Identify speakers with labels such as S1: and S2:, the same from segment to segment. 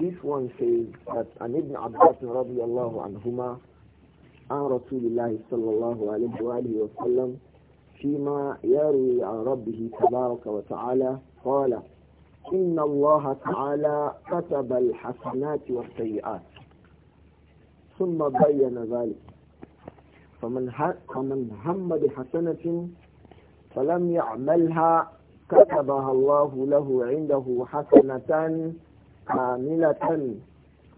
S1: This one says that an Ibn Abbas رضي الله عنهما عن رسول الله صلى الله عليه وآله وسلم فيما يروي عن ربه تبارك وتعالى قال إن الله تعالى كتب الحسنات والسيئات ثم بين ذلك فمن فمن هم بحسنة فلم يعملها كتبها الله له عنده حسنتان كاملة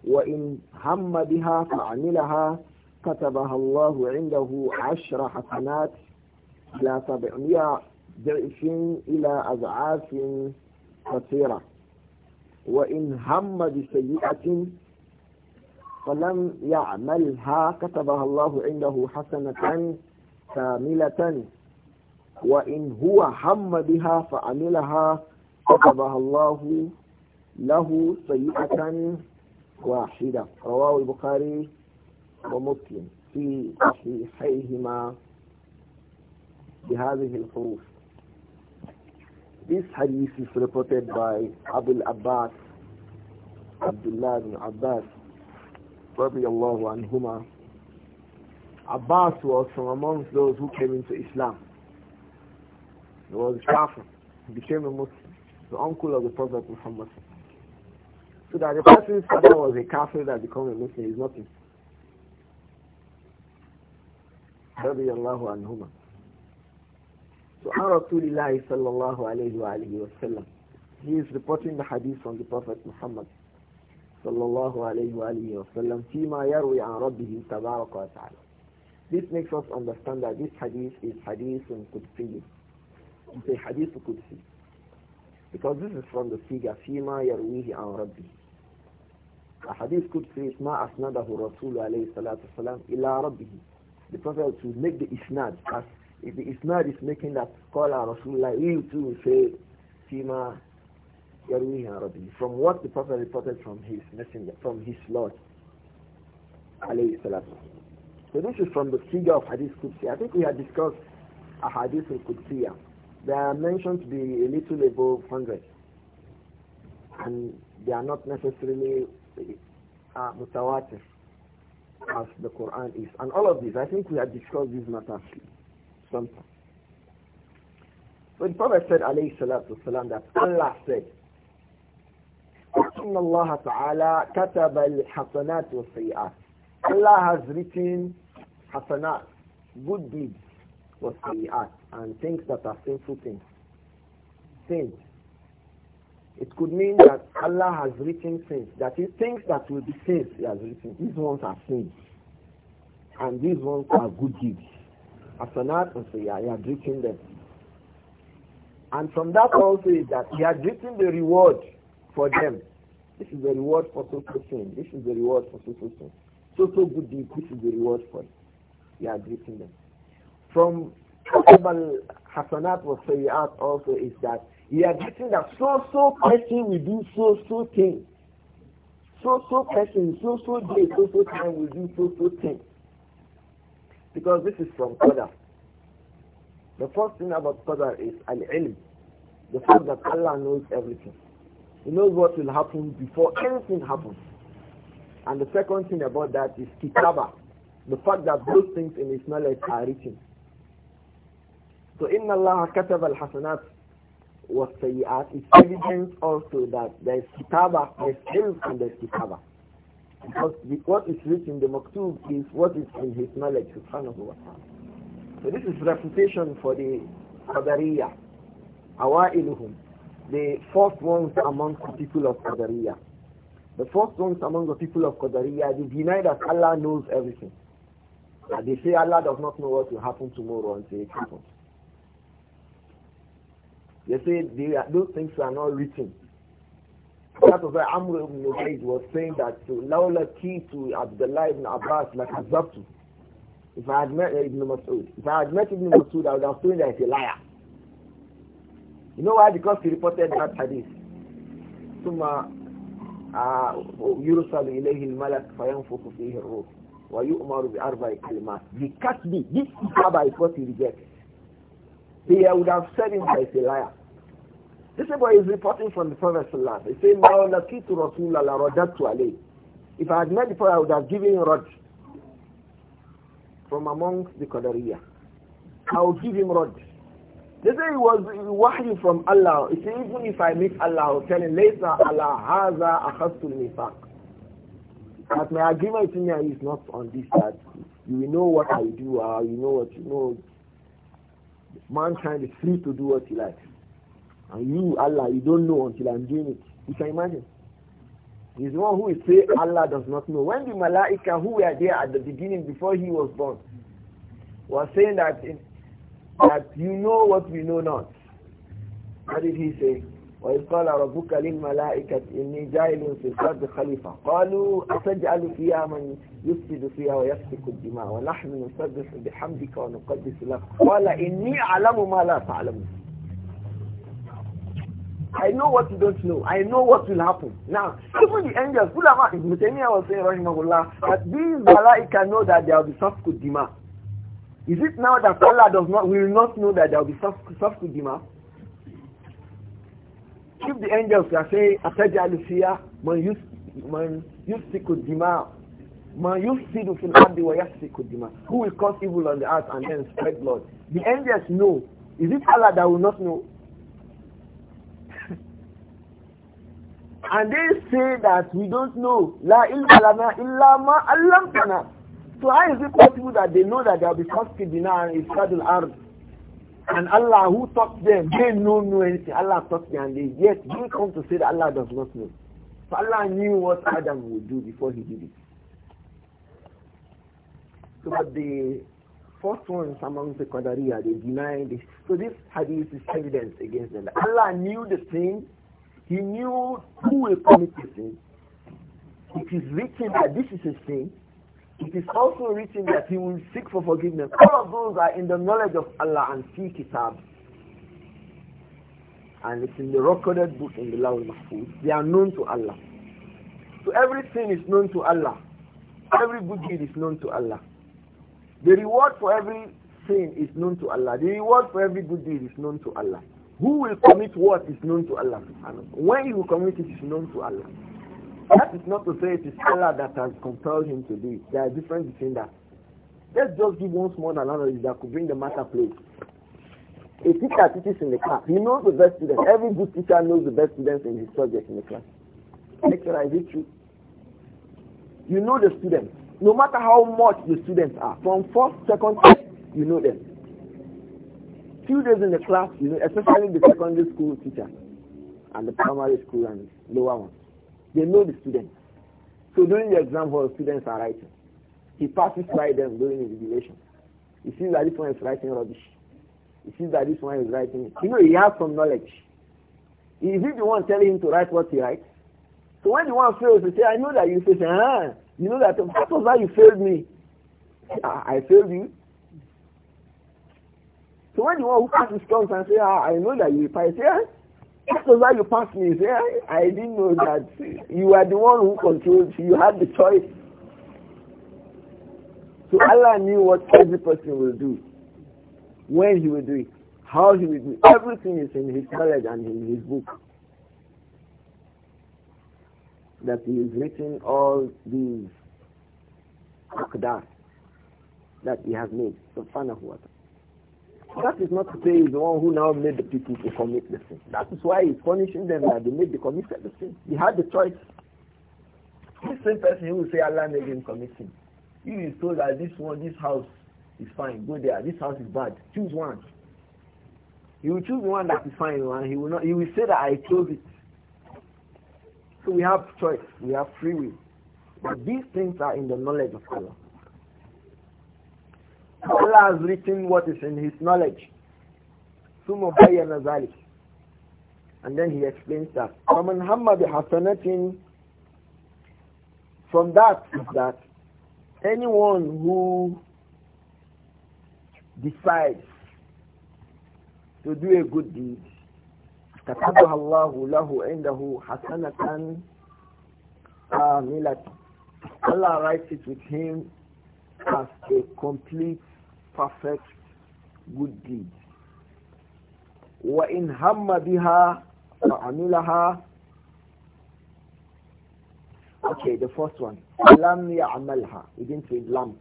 S1: وإن هم بها فعملها كتبها الله عنده عشر حسنات إلى سبعمية ضعف إلى أضعاف كثيرة وإن هم بسيئة فلم يعملها كتبها الله عنده حسنة كاملة وإن هو هم بها فعملها كتبها الله له سيئة واحدة رواه البخاري ومسلم في صحيحيهما بهذه الحروف This hadith is reported by Abu abbas Abdullah bin Abbas رضي الله عنهما Abbas was from amongst those who came into Islam. He was a He became a Muslim, the uncle of the Prophet Muhammad so that the person's father was a kafir that become a Muslim is nothing. رضي الله عنهما So Rasulullah sallallahu alayhi wa alayhi wa sallam He is reporting the hadith from the Prophet Muhammad sallallahu alayhi wa alayhi wa sallam فيما يروي عن ربه تبارك وتعالى This makes us understand that this hadith is hadith Qudsi It's a hadith Qudsi Because this is from the figure فيما يرويه عن ربه a hadith could say, Ma asnadahu Rasul alayhi salatu salam ila rabbihi. The Prophet would make the isnad. As if the isnad is making that call Rasulullah, he too say, Fima yarwiha rabbi. From what the Prophet reported from his messenger, from his Lord alayhi salatu So this is from the figure of hadith Qudsi. I think we had discussed a hadith al-Qudsiyah. They are mentioned to be a little above 100. And they are not necessarily are mutawatir as the Quran is. And all of this, I think we have discussed these matters sometime. So the Prophet said, alayhi salatu wasalam, that Allah said, إن الله تعالى كتب الحسنات والسيئات Allah has written hasanat, good deeds, was and things that are sinful things. Sins. It could mean that Allah has written sins. He thinks that will be sins He has written. These ones are sins. And these ones are good deeds. Asanat and Sayyah, He has written them. And from that also is that He has written the reward for them. This is the reward for social sin. This is the reward for social sin. Social good deeds, this is the reward for it. He has written them. From Hasanat was Sayyat also is that we are getting that so so person will do so so thing. So so person, so so day, so so time will do so so thing. Because this is from Qadar. The first thing about Qadar is Al-Ilm. The fact that Allah knows everything. He knows what will happen before anything happens. And the second thing about that is Kitaba. The fact that those things in his knowledge are written. So إن الله كتب Hasanat. والسيئات It's evident also that there is kitaba, there is ilm and there is kitaba. Because what is written in the maktub is what is in his knowledge, subhanahu wa ta'ala. So this is refutation for the Qadariya, awailuhum, the first ones among the people of Qadariya. The first ones among the people of Qadariya, they deny that Allah knows everything. And they say Allah does not know what will happen tomorrow until it happens. They say they are, those things are not written. That was why Amr ibn Ubaid was saying that Lawla key to Abdullah ibn Abbas like Azabtu. If I had met Ibn Mas'ud, if I had met Ibn Mas'ud, I would have told him that he's a liar. You know why? Because he reported that hadith. ثم يرسل إليه الملك فينفخ فيه الروح ويؤمر بأربع كلمات بكسب this Kaaba is what he rejected he would have said him as a liar. This boy is reporting from the Prophet Sallallahu He said, Now lakitu Rasulullah la radatu alayhi. If I had met the I would have given him rod from among the Qadariyah. I would give him rod. They say he was wahyu from Allah. He said, even if I meet Allah, I will tell him, Laysa Allah haza akhastu nifaq. That my agreement with me is not on this, that you know what I do, or ah, you know what you know, Mankind is free to do what he likes. And you, Allah, you don't know until I'm doing it. You can imagine. He's the one who is saying say Allah does not know. When the Malaika who were there at the beginning before he was born was saying that, that you know what we know not. What did he say? وإذ قال ربك للملائكة إني جَاهِلٌ في الأرض خليفة قالوا أتجعل فيها من يفسد فيها ويسفك الدماء ونحن نسبح بحمدك ونقدس لك قال إني أعلم ما لا تعلمون I know what you don't know. I know what will happen. Now, even the angels, Ulama Ibn Taymiyyah was saying, Rahimahullah, that these malaika know that there will be soft dima. Is it now that Allah does not, will not know that there will be safkud if the angels are saying, أَتَجْعَلُ فِيهَا مَنْ يُسْتِكُ الدِّمَاءُ Man yufsidu fil ardi wa yasfiku dima. Who will cause evil on the earth and then spread blood? The angels know. Is it Allah that will not know? and they say that we don't know. La ilaha lana Allah, Allah, allamtana. So how is it possible that they know that there will be cause kidina and iskadul ard and Allah who taught them, they don't know anything. Allah taught them and they yet they come to say that Allah does not know. So Allah knew what Adam would do before he did it. So but the first ones among the Qadariya, they deny this. So this hadith is evidence against them. Allah knew the sin. He knew who will commit the sin. It is written that this is a sin. It is also written that he will seek for forgiveness. All of those are in the knowledge of Allah and see kitab. And it's in the recorded book in the law of mahfuz They are known to Allah. So everything is known to Allah. Every good deed is known to Allah. The reward for every sin is known to Allah. The reward for every good deed is known to Allah. Who will commit what is known to Allah. When you commit it is known to Allah. That is not to say it is Allah that has compelled him to do it. There is a difference between that. Let's just give one small analogy that could bring the matter close. A teacher teaches in the class. He knows the best students. Every good teacher knows the best students in his subject in the class. Make is it true? You know the students. No matter how much the students are, from first, second, third, you know them. Few days in the class, you know, especially the secondary school teacher and the primary school and lower ones they know the students. So during the exam hall, students are writing. He passes by them during his evaluation. He sees that this one is writing rubbish. He sees that this one is writing. You know, he has some knowledge. Is he the one telling him to write what he writes? So when the one fails, he say, I know that you failed. Ah, you know that what was that you failed me? Ah, I failed you. So when the one who passes comes and say, ah, I know that you failed, say, ah, that was why you passed me. You say, I, I didn't know that you are the one who controls. You had the choice. So Allah knew what every person will do, when he will do it, how he will do it. Everything is in his knowledge and in his book. That he is written all these akdar that he has made. Subhanahu wa ta'ala. That is not to say he's the one who now made the people to commit the sin. That is why he's punishing them that they made the committed the sin. He had the choice. This same person who will say Allah made him commit sin. He is told that this one, this house is fine, go there. This house is bad. Choose one. He will choose one that is fine one. He will not he will say that I chose it. So we have choice, we have free will. But these things are in the knowledge of Allah. Allah has written what is in his knowledge. and then he explains that From هم بحسنة from that is that anyone who decides to do a good deed كتبها الله له عنده حسنة كاملة Allah writes it with him as a complete perfect good deeds. وَإِنْ هَمَّ بِهَا فَعَمِلَهَا Okay, the first one. لَمْ يَعْمَلْهَا He didn't say لَمْ.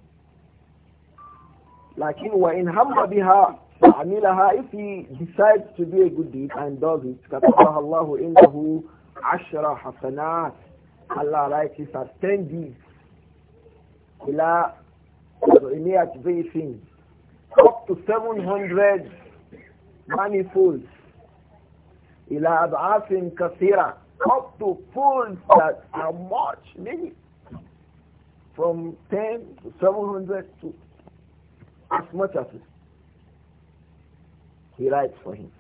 S1: لكن وإن هم بها فعملها if he decides to do a good deed and does it كتبها الله عنده عشر حسنات Allah writes it as ten deeds إلى سبعمائة ضعف up to 700 manifolds ila ab'afin kathira up to folds that are much many from 10 to 700 to as much as it. he writes for him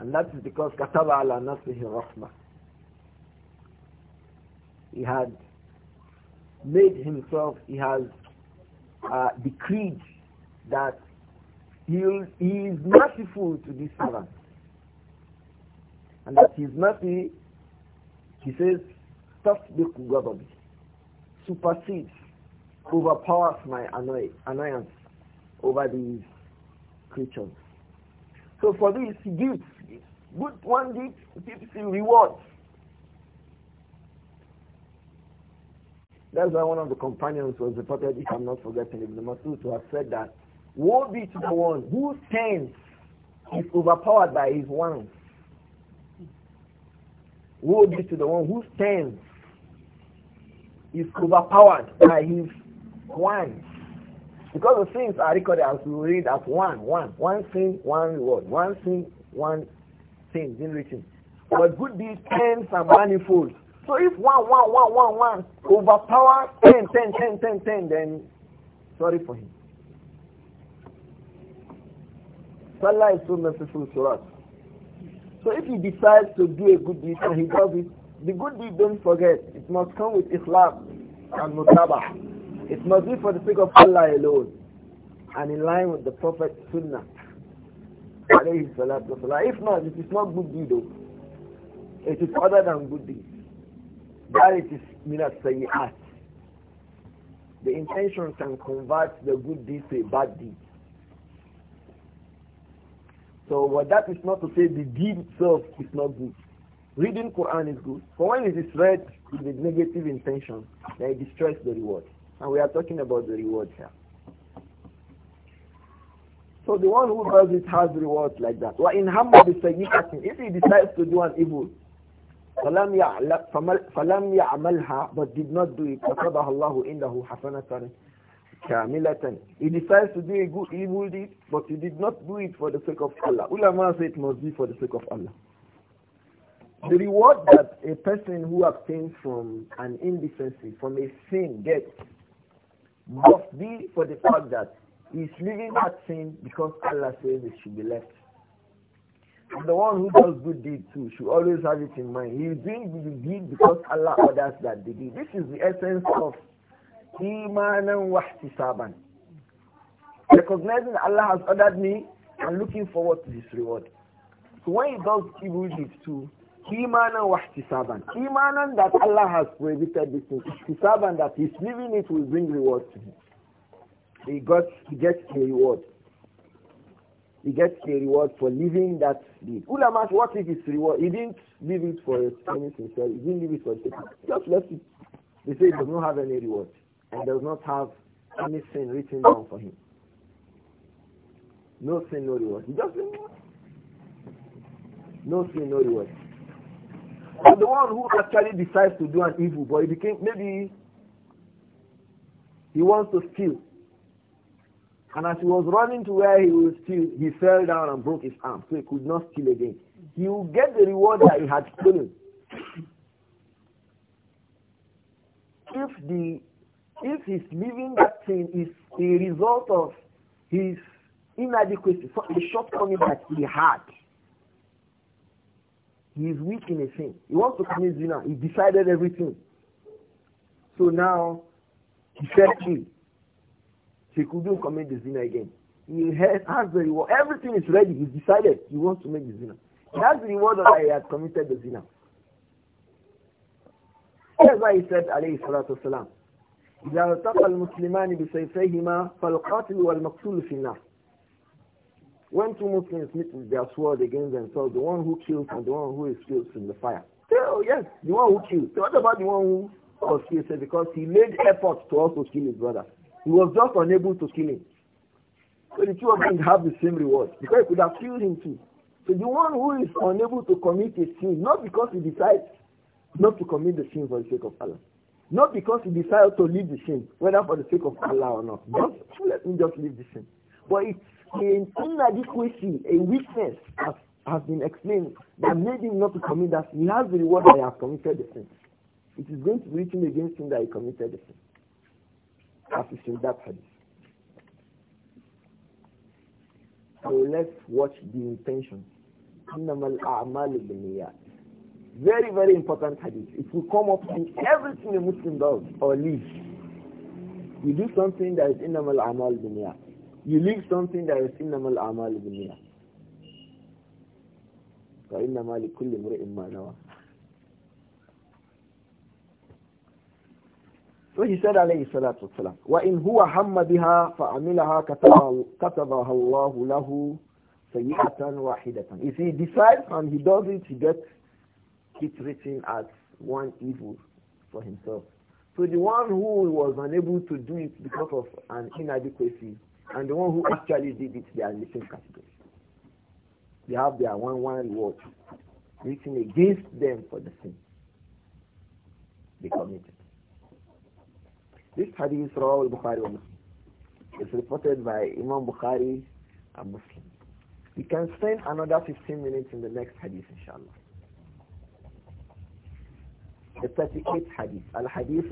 S1: and that is because kataba ala nafsihi rahmah he had made himself he has uh, decreed that he is merciful to this servant. And that his mercy, he says, supersedes, overpowers my annoy annoyance over these creatures. So for this, he gives. Good one gives, gives him rewards. That's why one of the companions was reported, if I'm not forgetting, Ibn Masud, to have said that Woe be to the one whose tens is overpowered by his ones. Woe be to the one whose tens is overpowered by his one, Because the things are recorded as we read as one, one, one thing, one word, one thing, one thing in written. But good deeds tens are manifold. So if one, one, one, one, one overpower ten, ten, ten, ten, ten, then sorry for him. Salah is so merciful to us. So if he decides to do a good deed and he does it, the good deed, don't forget, it must come with Islam and mutabah. It must be for the sake of Allah alone and in line with the Prophet's Sunnah. If not, it is not good deed though. It is other than good deed. That it is minat sayyat. The intention can convert the good deed to a bad deed. So what that is not to say the deed itself is not good. Reading Quran is good, but when it is read with a negative intention, then it destroys the reward. And we are talking about the reward here. So the one who does it has rewards like that. وَإِنْ هَمَّ بِالسَّيِّئَةٍ If he decides to do an evil, فَلَمْ يَعْمَلْهَا But did not do it, اللَّهُ إِنَّهُ حَسَنَةً kamilatan. He decides to do a good evil deed, but he did not do it for the sake of Allah. Ulama say it must be for the sake of Allah. The reward that a person who abstains from an indecency, from a sin gets, must be for the fact that he is leaving that sin because Allah says it should be left. And the one who does good deed too should always have it in mind. He is doing good deed because Allah orders that they do. This is the essence of imanan wahtisaban. Recognizing Allah has ordered me and looking forward to this reward. So when he does evil deeds too, imanan wahtisaban. Imanan that Allah has prohibited this thing. Ihtisaban that he's leaving it will bring reward to him. He, got, he gets a reward. He gets a reward for leaving that deed. Ulama, what is his reward? He didn't leave it for anything sincerity. He didn't leave it for the Just left it. They say he does not have any reward and does not have any sin written down for him. No sin, no reward. He just no sin, no reward. But the one who actually decides to do an evil, but he became maybe he wants to steal. And as he was running to where he would steal, he fell down and broke his arm, so he could not steal again. He will get the reward that he had stolen. If the if he's living that thing is a result of his inadequacy, so a shortcoming that he had. He is weak in a sin. He wants to commit zina. He decided everything. So now he said he. He couldn't commit the zina again. He has, has the reward. Everything is ready. He decided he wants to make the zina. He has the reward that he had committed the zina. That's why he said, alayhi salatu salam, إذا التقى المسلمان بسيفيهما فالقاتل والمقتول في النار When two Muslims meet with their sword against themselves, the one who kills and the one who is killed in the fire. So oh, yes, the one who kills. So what about the one who was killed? Because he made efforts to also kill his brother. He was just unable to kill him. So the two of them have the same reward because he could have killed him too. So the one who is unable to commit a sin, not because he decides not to commit the sin for the sake of Allah, not because he decided to leave the sin, whether for the sake of Allah or not. Just let me just leave the sin. But it's an inadequacy, a weakness, has has been explained, that made him not to commit that sin. He has the reward that he has committed the sin. It is going to be written against him that he committed the sin. As is in that hadith. So let's watch the intention. إنما الأعمال بالنيات very, very important hadith. If we come up in everything a Muslim does or leaves. You do something that is mala amal dunya. You leave something that is innamal amal dunya. فإنما لكل امرئ ما نوى he said عليه الصلاة والسلام وإن هو هم بها فعملها كتبها الله له سيئة واحدة if he decides and he does it he gets keeps written as one evil for himself. So the one who was unable to do it because of an inadequacy and the one who actually did it, they are in the same category. They have their one one reward written against them for the sin they committed. This hadith Rawal Bukhari is reported by Imam Bukhari and Muslim. We can spend another 15 minutes in the next hadith inshallah. التاتيكيت حديث الحديث